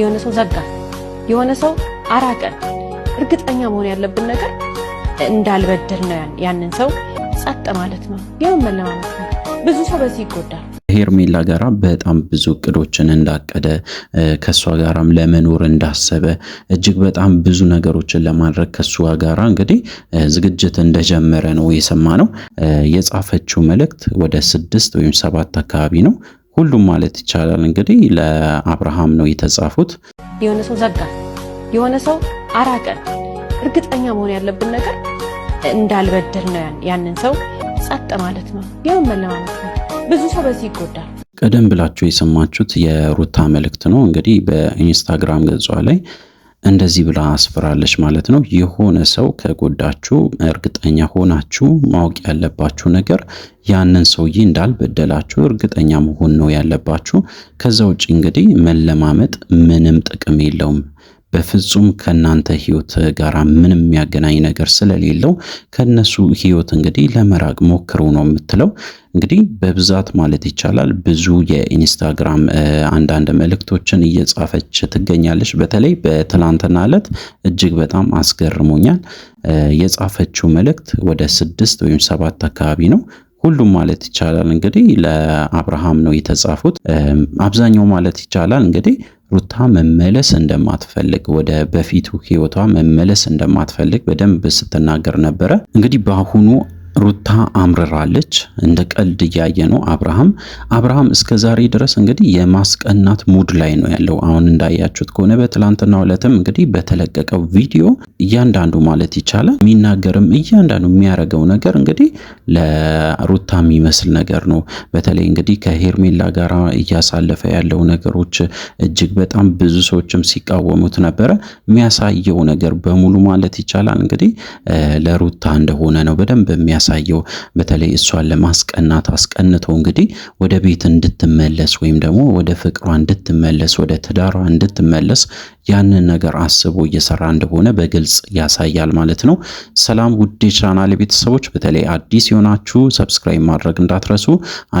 የሆነ ሰው ዘጋ፣ የሆነ ሰው አራቀን። እርግጠኛ መሆን ያለብን ነገር እንዳልበደል ነው ያንን ሰው ጸጥ ማለት ነው። ይህም መለማመት ነው። ብዙ ሰው በዚህ ይጎዳል። ሄርሜላ ጋራ በጣም ብዙ እቅዶችን እንዳቀደ ከእሷ ጋራም ለመኖር እንዳሰበ እጅግ በጣም ብዙ ነገሮችን ለማድረግ ከእሷ ጋራ እንግዲህ ዝግጅት እንደጀመረ ነው የሰማ ነው። የጻፈችው መልእክት ወደ ስድስት ወይም ሰባት አካባቢ ነው ሁሉም ማለት ይቻላል እንግዲህ ለአብርሃም ነው የተጻፉት። የሆነ ሰው ዘጋ፣ የሆነ ሰው አራቀ። እርግጠኛ መሆን ያለብን ነገር እንዳልበደል ነው። ያንን ሰው ጸጥ ማለት ነው፣ ይህም መለማመት ነው። ብዙ ሰው በዚህ ይጎዳል። ቀደም ብላችሁ የሰማችሁት የሩታ መልእክት ነው እንግዲህ በኢንስታግራም ገጿ ላይ እንደዚህ ብላ አስፈራለች ማለት ነው። የሆነ ሰው ከጎዳችሁ እርግጠኛ ሆናችሁ ማወቅ ያለባችሁ ነገር ያንን ሰውዬ እንዳልበደላችሁ እርግጠኛ መሆን ነው ያለባችሁ። ከዛ ውጭ እንግዲህ መለማመጥ ምንም ጥቅም የለውም። በፍጹም ከእናንተ ህይወት ጋር ምንም የሚያገናኝ ነገር ስለሌለው ከነሱ ህይወት እንግዲህ ለመራቅ ሞክሩ ነው የምትለው። እንግዲህ በብዛት ማለት ይቻላል ብዙ የኢንስታግራም አንዳንድ መልእክቶችን እየጻፈች ትገኛለች። በተለይ በትላንትና ዕለት እጅግ በጣም አስገርሞኛል። የጻፈችው መልእክት ወደ ስድስት ወይም ሰባት አካባቢ ነው። ሁሉም ማለት ይቻላል እንግዲህ ለአብርሃም ነው የተጻፉት። አብዛኛው ማለት ይቻላል እንግዲህ ሩታ መመለስ እንደማትፈልግ ወደ በፊቱ ህይወቷ መመለስ እንደማትፈልግ በደንብ ስትናገር ነበረ። እንግዲህ በአሁኑ ሩታ አምርራለች። እንደ ቀልድ እያየ ነው አብርሃም። አብርሃም እስከ ዛሬ ድረስ እንግዲህ የማስቀናት ሙድ ላይ ነው ያለው። አሁን እንዳያችሁት ከሆነ በትላንትና ዕለትም እንግዲህ በተለቀቀው ቪዲዮ እያንዳንዱ ማለት ይቻላል የሚናገርም እያንዳንዱ የሚያደርገው ነገር እንግዲህ ለሩታ የሚመስል ነገር ነው። በተለይ እንግዲህ ከሄርሜላ ጋር እያሳለፈ ያለው ነገሮች እጅግ በጣም ብዙ ሰዎችም ሲቃወሙት ነበረ። የሚያሳየው ነገር በሙሉ ማለት ይቻላል እንግዲህ ለሩታ እንደሆነ ነው በደንብ የሚያሳ የሚያሳየው በተለይ እሷን ለማስቀናት አስቀንቶ እንግዲህ ወደ ቤት እንድትመለስ ወይም ደግሞ ወደ ፍቅሯ እንድትመለስ ወደ ትዳሯ እንድትመለስ ያንን ነገር አስቦ እየሰራ እንደሆነ በግልጽ ያሳያል ማለት ነው። ሰላም ውድ ቻናል ቤተሰቦች፣ በተለይ አዲስ የሆናችሁ ሰብስክራይብ ማድረግ እንዳትረሱ፣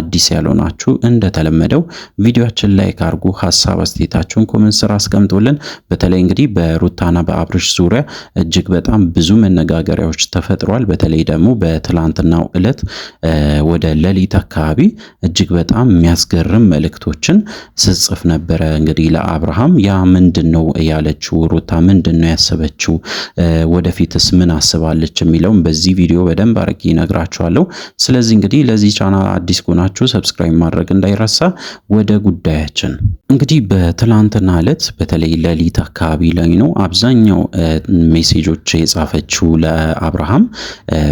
አዲስ ያልሆናችሁ እንደተለመደው ቪዲዮችን ላይክ አድርጉ፣ ሀሳብ አስተያየታችሁን ኮሜንት ስራ አስቀምጡልን። በተለይ እንግዲህ በሩታና በአብርሽ ዙሪያ እጅግ በጣም ብዙ መነጋገሪያዎች ተፈጥሯል። በተለይ ደግሞ በትላንትናው እለት ወደ ሌሊት አካባቢ እጅግ በጣም የሚያስገርም መልእክቶችን ስጽፍ ነበረ እንግዲህ ለአብርሃም ያ ምንድን ነው ያለችው ሩታ ምንድን ነው ያሰበችው፣ ወደፊትስ ምን አስባለች የሚለውም በዚህ ቪዲዮ በደንብ አድርጌ ይነግራችኋለሁ። ስለዚህ እንግዲህ ለዚህ ቻናል አዲስ ከሆናችሁ ሰብስክራይብ ማድረግ እንዳይረሳ። ወደ ጉዳያችን እንግዲህ በትላንትና ዕለት በተለይ ሌሊት አካባቢ ላይ ነው አብዛኛው ሜሴጆች የጻፈችው ለአብርሃም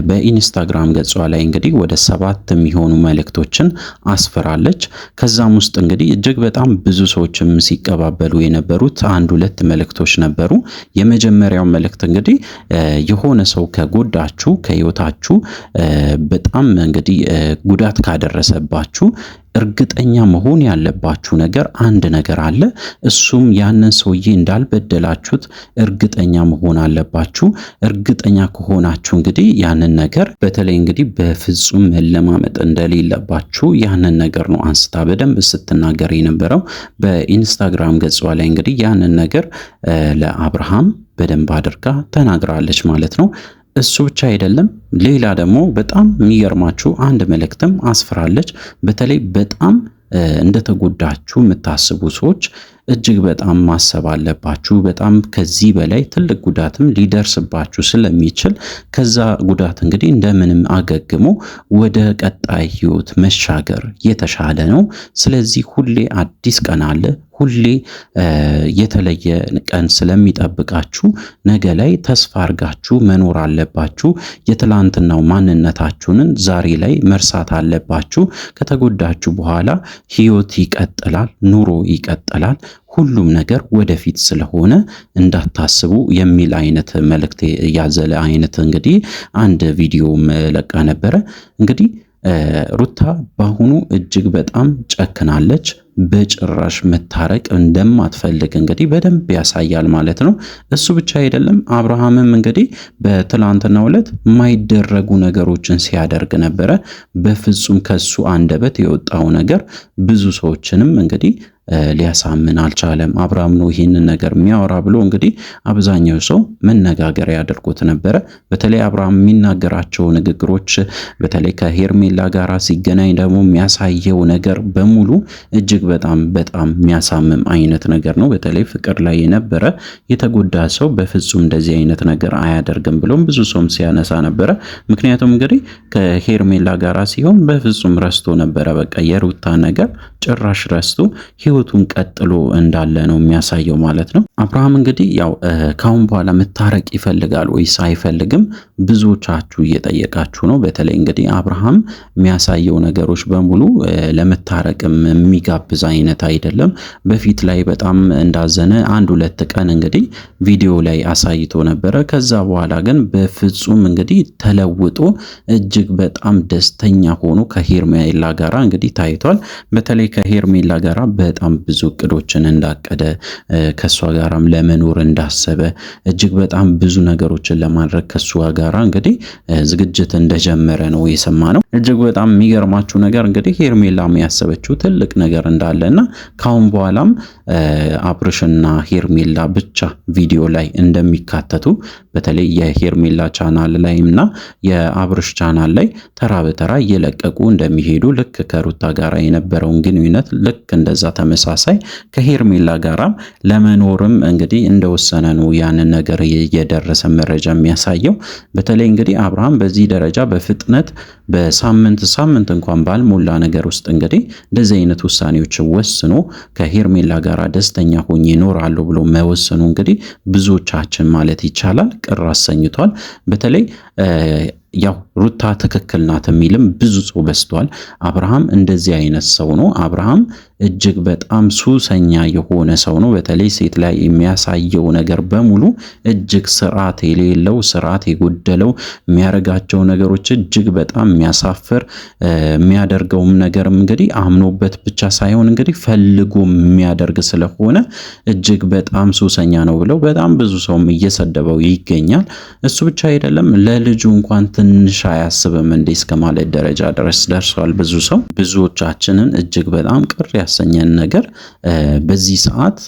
በኢንስታግራም ገጿ ላይ እንግዲህ ወደ ሰባት የሚሆኑ መልእክቶችን አስፈራለች። ከዛም ውስጥ እንግዲህ እጅግ በጣም ብዙ ሰዎችም ሲቀባበሉ የነበሩት አንድ ሁለት መልእክቶች ነበሩ። የመጀመሪያው መልእክት እንግዲህ የሆነ ሰው ከጎዳችሁ ከህይወታችሁ በጣም እንግዲህ ጉዳት ካደረሰባችሁ እርግጠኛ መሆን ያለባችሁ ነገር አንድ ነገር አለ። እሱም ያንን ሰውዬ እንዳልበደላችሁት እርግጠኛ መሆን አለባችሁ። እርግጠኛ ከሆናችሁ እንግዲህ ያንን ነገር በተለይ እንግዲህ በፍጹም መለማመጥ እንደሌለባችሁ ያንን ነገር ነው አንስታ በደንብ ስትናገር የነበረው በኢንስታግራም ገጿ ላይ እንግዲህ ያንን ነገር ለአብርሃም በደንብ አድርጋ ተናግራለች ማለት ነው። እሱ ብቻ አይደለም። ሌላ ደግሞ በጣም የሚገርማችሁ አንድ መልእክትም አስፍራለች። በተለይ በጣም እንደተጎዳችሁ የምታስቡ ሰዎች እጅግ በጣም ማሰብ አለባችሁ። በጣም ከዚህ በላይ ትልቅ ጉዳትም ሊደርስባችሁ ስለሚችል ከዛ ጉዳት እንግዲህ እንደምንም አገግሞ ወደ ቀጣይ ህይወት መሻገር የተሻለ ነው። ስለዚህ ሁሌ አዲስ ቀን አለ። ሁሌ የተለየ ቀን ስለሚጠብቃችሁ ነገ ላይ ተስፋ አድርጋችሁ መኖር አለባችሁ። የትላንትናው ማንነታችሁንን ዛሬ ላይ መርሳት አለባችሁ። ከተጎዳችሁ በኋላ ህይወት ይቀጥላል፣ ኑሮ ይቀጥላል። ሁሉም ነገር ወደፊት ስለሆነ እንዳታስቡ የሚል አይነት መልእክት ያዘለ አይነት እንግዲህ አንድ ቪዲዮ መለቃ ነበረ። እንግዲህ ሩታ በአሁኑ እጅግ በጣም ጨክናለች። በጭራሽ መታረቅ እንደማትፈልግ እንግዲህ በደንብ ያሳያል ማለት ነው። እሱ ብቻ አይደለም፣ አብርሃምም እንግዲህ በትላንትናው ዕለት የማይደረጉ ነገሮችን ሲያደርግ ነበረ። በፍጹም ከሱ አንደበት የወጣው ነገር ብዙ ሰዎችንም እንግዲህ ሊያሳምን አልቻለም። አብርሃም ነው ይህንን ነገር የሚያወራ ብሎ እንግዲህ አብዛኛው ሰው መነጋገሪያ ያደርጎት ነበረ። በተለይ አብርሃም የሚናገራቸው ንግግሮች፣ በተለይ ከሄርሜላ ጋር ሲገናኝ ደግሞ የሚያሳየው ነገር በሙሉ እጅግ በጣም በጣም የሚያሳምም አይነት ነገር ነው። በተለይ ፍቅር ላይ የነበረ የተጎዳ ሰው በፍጹም እንደዚህ አይነት ነገር አያደርግም ብሎም ብዙ ሰውም ሲያነሳ ነበረ። ምክንያቱም እንግዲህ ከሄርሜላ ጋር ሲሆን በፍጹም ረስቶ ነበረ። በቃ የሩታ ነገር ጭራሽ ረስቶ ህይወቱን ቀጥሎ እንዳለ ነው የሚያሳየው ማለት ነው። አብርሃም እንግዲህ ያው ካሁን በኋላ መታረቅ ይፈልጋል ወይስ አይፈልግም? ብዙዎቻችሁ እየጠየቃችሁ ነው። በተለይ እንግዲህ አብርሃም የሚያሳየው ነገሮች በሙሉ ለመታረቅም የሚጋብዝ አይነት አይደለም። በፊት ላይ በጣም እንዳዘነ አንድ ሁለት ቀን እንግዲህ ቪዲዮ ላይ አሳይቶ ነበረ። ከዛ በኋላ ግን በፍጹም እንግዲህ ተለውጦ እጅግ በጣም ደስተኛ ሆኖ ከሄርሜላ ጋራ እንግዲህ ታይቷል። በተለይ ከሄርሜላ ጋራ በጣም በጣም ብዙ እቅዶችን እንዳቀደ ከእሷ ጋራም ለመኖር እንዳሰበ እጅግ በጣም ብዙ ነገሮችን ለማድረግ ከእሷ ጋራ እንግዲህ ዝግጅት እንደጀመረ ነው የሰማ ነው። እጅግ በጣም የሚገርማችሁ ነገር እንግዲህ ሄርሜላም ያሰበችው ትልቅ ነገር እንዳለ እና ካሁን በኋላም አብርሽና ሄርሜላ ብቻ ቪዲዮ ላይ እንደሚካተቱ በተለይ የሄርሜላ ቻናል ላይ እና የአብርሽ ቻናል ላይ ተራ በተራ እየለቀቁ እንደሚሄዱ ልክ ከሩታ ጋራ የነበረውን ግንኙነት ልክ እንደዛ ተመ በተመሳሳይ ከሄርሜላ ጋራም ለመኖርም እንግዲህ እንደወሰነ ነው ያንን ነገር የደረሰ መረጃ የሚያሳየው። በተለይ እንግዲህ አብርሃም በዚህ ደረጃ በፍጥነት በሳምንት ሳምንት እንኳን ባልሞላ ነገር ውስጥ እንግዲህ እንደዚህ አይነት ውሳኔዎች ወስኖ ከሄርሜላ ጋራ ደስተኛ ሆኜ ይኖራሉ ብሎ መወሰኑ እንግዲህ ብዙዎቻችን ማለት ይቻላል ቅር አሰኝቷል። በተለይ ያው ሩታ ትክክል ናት የሚልም ብዙ ሰው በስቷል። አብርሃም እንደዚህ አይነት ሰው ነው። አብርሃም እጅግ በጣም ሱሰኛ የሆነ ሰው ነው። በተለይ ሴት ላይ የሚያሳየው ነገር በሙሉ እጅግ ስርዓት የሌለው ስርዓት የጎደለው የሚያደርጋቸው ነገሮች እጅግ በጣም የሚያሳፍር የሚያደርገውም ነገርም እንግዲህ አምኖበት ብቻ ሳይሆን እንግዲህ ፈልጎም የሚያደርግ ስለሆነ እጅግ በጣም ሱሰኛ ነው ብለው በጣም ብዙ ሰውም እየሰደበው ይገኛል። እሱ ብቻ አይደለም ለልጁ እንኳን ትንሽ አያስብም እንዴ እስከ ማለት ደረጃ ድረስ ደርሷል። ብዙ ሰው ብዙዎቻችንን እጅግ በጣም ቅር ያሰኘን ነገር በዚህ ሰዓት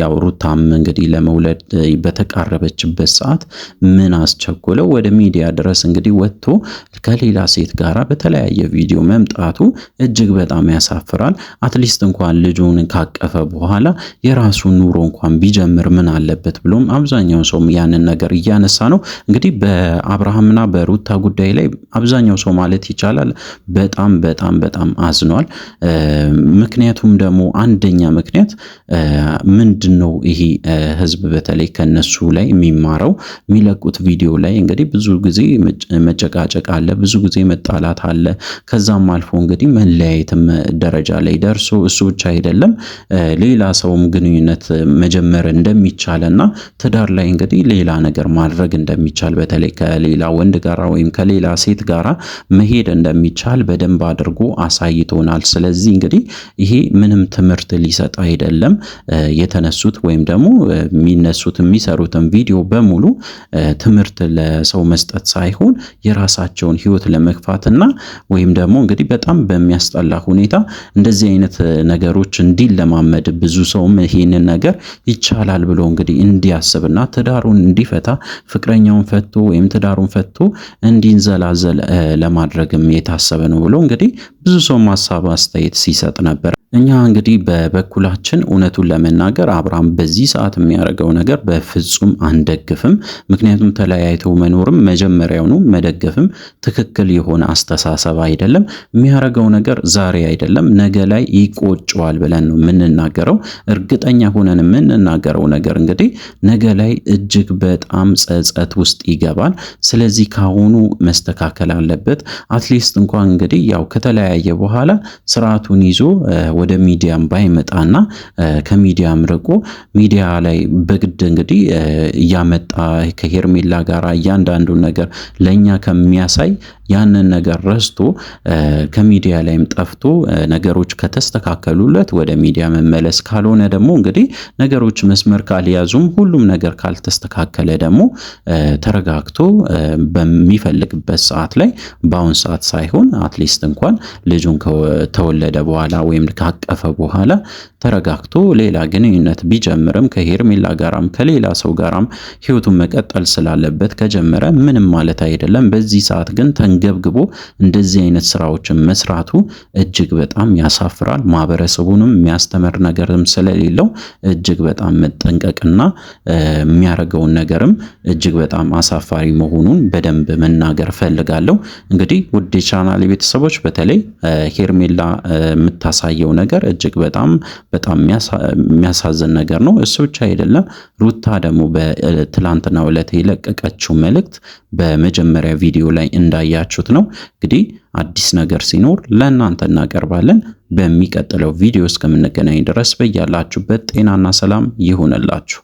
ያው ሩታም እንግዲህ ለመውለድ በተቃረበችበት ሰዓት ምን አስቸኩለው ወደ ሚዲያ ድረስ እንግዲህ ወጥቶ ከሌላ ሴት ጋራ በተለያየ ቪዲዮ መምጣቱ እጅግ በጣም ያሳፍራል። አትሊስት እንኳን ልጁን ካቀፈ በኋላ የራሱን ኑሮ እንኳን ቢጀምር ምን አለበት ብሎም አብዛኛውን ሰውም ያንን ነገር እያነሳ ነው። እንግዲህ በአብርሃምና በሩታ ጉዳይ ጉዳይ ላይ አብዛኛው ሰው ማለት ይቻላል በጣም በጣም በጣም አዝኗል። ምክንያቱም ደግሞ አንደኛ ምክንያት ምንድን ነው ይሄ ህዝብ በተለይ ከነሱ ላይ የሚማረው የሚለቁት ቪዲዮ ላይ እንግዲህ ብዙ ጊዜ መጨቃጨቅ አለ፣ ብዙ ጊዜ መጣላት አለ። ከዛም አልፎ እንግዲህ መለያየትም ደረጃ ላይ ደርሶ እሱ ብቻ አይደለም ሌላ ሰውም ግንኙነት መጀመር እንደሚቻልና ትዳር ላይ እንግዲህ ሌላ ነገር ማድረግ እንደሚቻል በተለይ ከሌላ ወንድ ጋራ ወይም ከሌላ ከሌላ ሴት ጋራ መሄድ እንደሚቻል በደንብ አድርጎ አሳይቶናል። ስለዚህ እንግዲህ ይሄ ምንም ትምህርት ሊሰጥ አይደለም። የተነሱት ወይም ደግሞ የሚነሱት የሚሰሩትን ቪዲዮ በሙሉ ትምህርት ለሰው መስጠት ሳይሆን የራሳቸውን ህይወት ለመግፋትና ወይም ደግሞ እንግዲህ በጣም በሚያስጠላ ሁኔታ እንደዚህ አይነት ነገሮች እንዲለማመድ ብዙ ሰውም ይሄንን ነገር ይቻላል ብሎ እንግዲህ እንዲያስብና ትዳሩን እንዲፈታ ፍቅረኛውን ፈቶ ወይም ትዳሩን ፈቶ እንዲንዘ ዘላዘል ለማድረግም የታሰበ ነው ብሎ እንግዲህ ብዙ ሰውም ሀሳብ አስተያየት ሲሰጥ ነበር። እኛ እንግዲህ በበኩላችን እውነቱን ለመናገር አብርሃም በዚህ ሰዓት የሚያደርገው ነገር በፍጹም አንደግፍም። ምክንያቱም ተለያይተው መኖርም መጀመሪያውኑ መደገፍም ትክክል የሆነ አስተሳሰብ አይደለም። የሚያደርገው ነገር ዛሬ አይደለም ነገ ላይ ይቆጨዋል ብለን ነው የምንናገረው። እርግጠኛ ሆነን የምንናገረው ነገር እንግዲህ ነገ ላይ እጅግ በጣም ጸጸት ውስጥ ይገባል። ስለዚህ ካሁኑ መስተካከል አለበት። አትሊስት እንኳን እንግዲህ ያው ከተለያየ ከተለያየ በኋላ ስርዓቱን ይዞ ወደ ሚዲያም ባይመጣና ከሚዲያም ርቆ ሚዲያ ላይ በግድ እንግዲህ እያመጣ ከሄርሜላ ጋር እያንዳንዱ ነገር ለእኛ ከሚያሳይ ያንን ነገር ረስቶ ከሚዲያ ላይም ጠፍቶ ነገሮች ከተስተካከሉለት ወደ ሚዲያ መመለስ፣ ካልሆነ ደግሞ እንግዲህ ነገሮች መስመር ካልያዙም ሁሉም ነገር ካልተስተካከለ ደግሞ ተረጋግቶ በሚፈልግበት ሰዓት ላይ በአሁን ሰዓት ሳይሆን አትሊስት እንኳን ልጁን ተወለደ በኋላ ወይም ካቀፈ በኋላ ተረጋግቶ ሌላ ግንኙነት ቢጀምርም ከሄርሜላ ጋራም ከሌላ ሰው ጋራም ህይወቱን መቀጠል ስላለበት ከጀመረ ምንም ማለት አይደለም። በዚህ ሰዓት ግን ተንገብግቦ እንደዚህ አይነት ስራዎችን መስራቱ እጅግ በጣም ያሳፍራል። ማህበረሰቡንም የሚያስተምር ነገርም ስለሌለው እጅግ በጣም መጠንቀቅና የሚያደርገውን ነገርም እጅግ በጣም አሳፋሪ መሆኑን በደንብ መናገር ፈልጋለሁ። እንግዲህ ውድ የቻናል ቤተሰቦች በተለይ ሄርሜላ የምታሳየው ነገር እጅግ በጣም በጣም የሚያሳዝን ነገር ነው። እሱ ብቻ አይደለም። ሩታ ደግሞ በትላንትና ዕለት የለቀቀችው መልእክት በመጀመሪያ ቪዲዮ ላይ እንዳያ እንዳያችሁት ነው። እንግዲህ አዲስ ነገር ሲኖር ለእናንተ እናቀርባለን። በሚቀጥለው ቪዲዮ እስከምንገናኝ ድረስ በያላችሁበት ጤናና ሰላም ይሁንላችሁ።